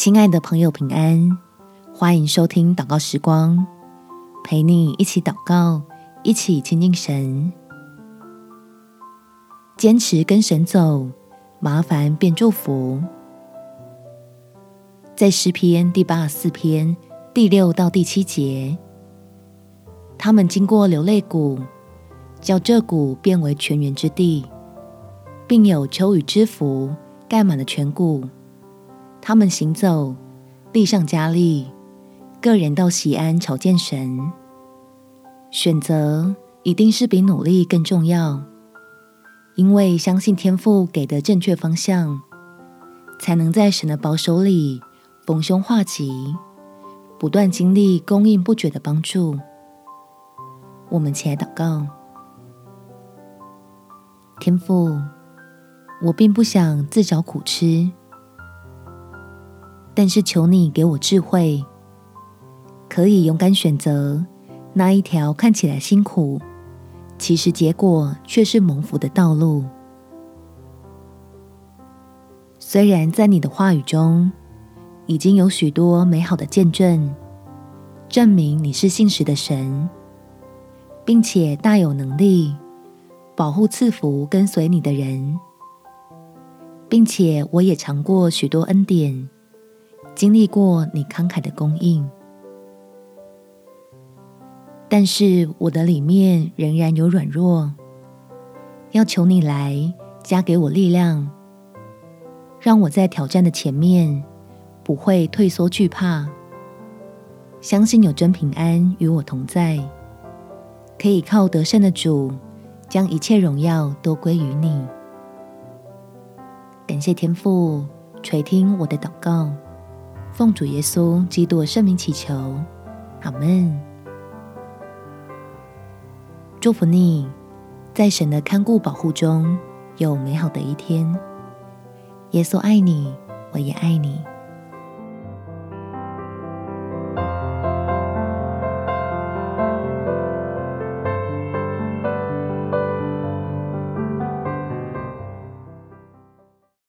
親愛的朋友，平安！歡迎收聽禱告時光，陪你一起禱告，一起親近神。堅持跟神走，麻煩變祝福。在詩篇第八十四篇第六到第七節，他們經過流淚谷，叫這谷變為泉源之地，並有秋雨之福，蓋滿了全谷。他們行走，力上加力；各人到錫安朝見神，選擇一定是比努力更重要，因為相信天父給的正確方向，才能在神的保守裡逢凶化吉，不斷經歷供應不絕的幫助。我們前來禱告：天父，我並不想自找苦吃。但是求你給我智慧，可以勇敢選擇那一條看起來辛苦，其實結果卻是蒙福的道路。雖然在你的話語中，已經有許多美好的見證，證明你是信實的神，並且大有能力保護賜福跟隨你的人，並且我也嘗過許多恩典。經歷過你慷慨的供應，但是我的裡面仍然有軟弱，要求你來加給我力量，讓我在挑戰的前面不會退縮懼怕，相信有真平安與我同在，可以靠得勝的主將一切榮耀都歸於你。感謝天父垂聽我的禱告。奉主耶穌基督的聖名祈求，阿門。祝福你，在神的看顧保護中有美好的一天。耶穌愛你，我也愛你。